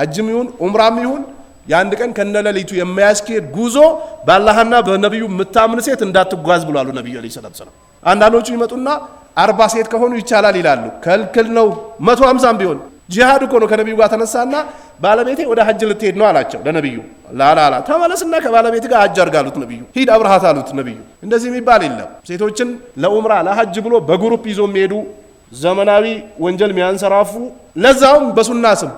ሐጅም ይሁን ኡምራም ይሁን የአንድ ቀን ከነለሊቱ የሚያስኬድ ጉዞ በአላህና በነቢዩ የምታምን ሴት እንዳትጓዝ ብሏሉ ነቢዩ ዐለይሂ ሰላቱ ወሰላም። አንዳንዶቹ ይመጡና አርባ ሴት ከሆኑ ይቻላል ይላሉ። ከልክል ነው። መቶ ሀምሳም ቢሆን ጂሃድ እኮ ነው። ከነቢዩ ጋር ተነሳና ባለቤቴ ወደ ሐጅ ልትሄድ ነው አላቸው ለነቢዩ። ላላላ ተመለስና ከባለቤት ጋር ሐጅ አድርግ አሉት ነቢዩ። ሂድ አብርሃት አሉት ነቢዩ። እንደዚህ የሚባል የለም። ሴቶችን ለኡምራ ለሐጅ ብሎ በግሩፕ ይዞ የሚሄዱ ዘመናዊ ወንጀል የሚያንሰራፉ ለዛውም በሱና ስም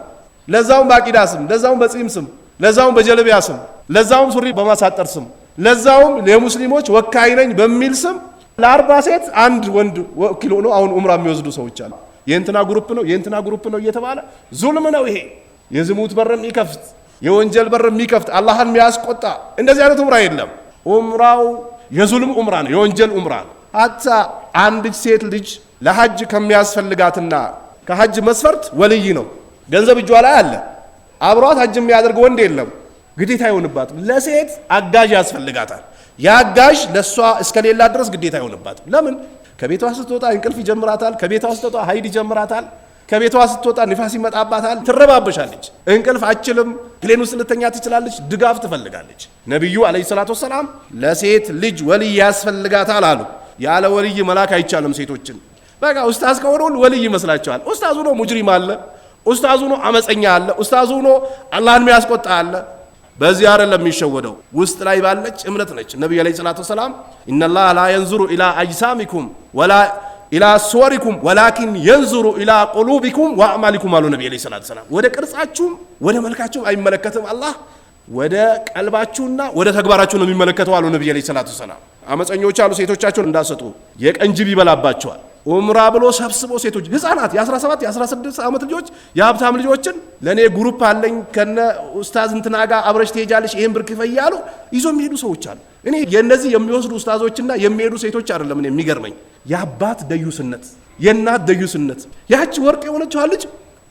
ለዛውም በአቂዳ ስም፣ ለዛውም በጺም ስም፣ ለዛውም በጀለቢያ ስም፣ ለዛውም ሱሪ በማሳጠር ስም፣ ለዛውም የሙስሊሞች ወካይ ነኝ በሚል ስም ለአርባ ሴት አንድ ወንድ ወኪል ሆኖ አሁን ኡምራ የሚወስዱ ሰዎች አሉ። የእንትና ግሩፕ ነው የእንትና ግሩፕ ነው እየተባለ ዙልም ነው ይሄ። የዝሙት በር የሚከፍት የወንጀል በር የሚከፍት አላህን የሚያስቆጣ እንደዚህ አይነት ኡምራ የለም። ኡምራው የዙልም ኡምራ ነው፣ የወንጀል ኡምራ ነው። አታ አንድ ሴት ልጅ ለሀጅ ከሚያስፈልጋትና ከሀጅ መስፈርት ወልይ ነው ገንዘብ እጇ ላይ አለ። አብሯት ሀጅ የሚያደርግ ወንድ የለም። ግዴታ አይሆንባትም። ለሴት አጋዥ ያስፈልጋታል። ያ አጋዥ ለእሷ እስከሌላ ድረስ ግዴታ አይሆንባትም። ለምን? ከቤቷ ስትወጣ እንቅልፍ ይጀምራታል። ከቤቷ ስትወጣ ሀይድ ይጀምራታል። ከቤቷ ስትወጣ ንፋስ ይመጣባታል። ትረባበሻለች። እንቅልፍ አችልም። ፕሌን ውስጥ ልተኛ ትችላለች። ድጋፍ ትፈልጋለች። ነቢዩ አለይ ሰላት ወሰላም ለሴት ልጅ ወልይ ያስፈልጋታል አሉ። ያለ ወልይ መላክ አይቻልም። ሴቶችን በቃ ኡስታዝ ከሆነ ሁሉ ወልይ ይመስላቸዋል። ኡስታዝ ሆኖ ሙጅሪም አለ ኡስታዝ ሆኖ አመፀኛ አለ። ኡስታዝ ሆኖ አላህን የሚያስቆጣ አለ። በዚህ አይደለም የሚሸወደው፣ ውስጥ ላይ ባለች እምነት ነች። ነቢዩ ዓለይሂ ሰላቱ ወሰላም ኢነላህ ላ የንዙሩ ኢላ አጅሳሚኩም ወላ ኢላ ስወሪኩም ወላኪን የንዙሩ ኢላ ቁሉቢኩም ወአዕማሊኩም አሉ ነቢ ዓለይሂ ሰላቱ ወሰላም። ወደ ቅርጻችሁም ወደ መልካችሁም አይመለከትም አላህ ወደ ቀልባችሁና ወደ ተግባራችሁ ነው የሚመለከተው አሉ ነቢ ዓለይሂ ሰላቱ ወሰላም። አመፀኞች አሉ ሴቶቻቸውን እንዳሰጡ የቀንጅብ ይበላባቸዋል ኡምራ ብሎ ሰብስቦ ሴቶች ህፃናት የ17 የ16 ዓመት ልጆች የሀብታም ልጆችን ለእኔ ጉሩፕ አለኝ ከነ ኡስታዝ እንትና ጋር አብረሽ ትሄጃለሽ ይህን ብር ክፈይ ይዞ የሚሄዱ ሰዎች አሉ። እኔ የእነዚህ የሚወስዱ ኡስታዞችና የሚሄዱ ሴቶች አይደለም እኔ የሚገርመኝ የአባት ደዩስነት፣ የእናት ደዩስነት። ያቺ ወርቅ የሆነችዋ ልጅ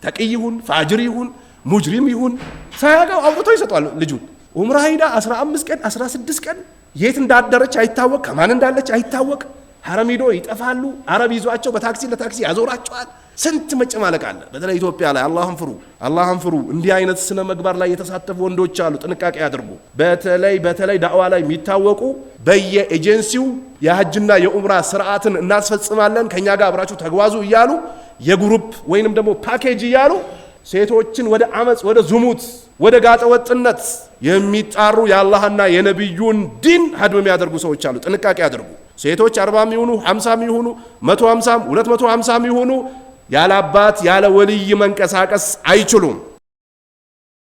ተቅይ ይሁን ፋጅር ይሁን ሙጅሪም ይሁን ሳያጋው አውጥቶ ይሰጧል ልጁን ኡምራ ሂዳ 15 ቀን 16 ቀን የት እንዳደረች አይታወቅ፣ ከማን እንዳለች አይታወቅ ሀረም ሂዶ ይጠፋሉ። አረብ ይዟቸው በታክሲ ለታክሲ ያዞራቸዋል። ስንት መጨማለቅ አለ። በተለይ ኢትዮጵያ ላይ አላህን ፍሩ፣ አላህን ፍሩ። እንዲህ አይነት ስነ መግባር ላይ የተሳተፉ ወንዶች አሉ። ጥንቃቄ ያድርጉ። በተለይ በተለይ ዳዕዋ ላይ የሚታወቁ በየኤጀንሲው የሀጅና የኡምራ ስርዓትን እናስፈጽማለን ከእኛ ጋር አብራችሁ ተጓዙ እያሉ የግሩፕ ወይንም ደግሞ ፓኬጅ እያሉ ሴቶችን ወደ አመፅ፣ ወደ ዙሙት ወደ ጋጠ ወጥነት የሚጣሩ የአላህና የነቢዩን ዲን ሀድም የሚያደርጉ ሰዎች አሉ። ጥንቃቄ ያድርጉ። ሴቶች አርባም ይሁኑ ሀምሳም ይሁኑ መቶ ሀምሳም ሁለት መቶ ሀምሳም ይሁኑ ያለ አባት ያለ ወልይ መንቀሳቀስ አይችሉም።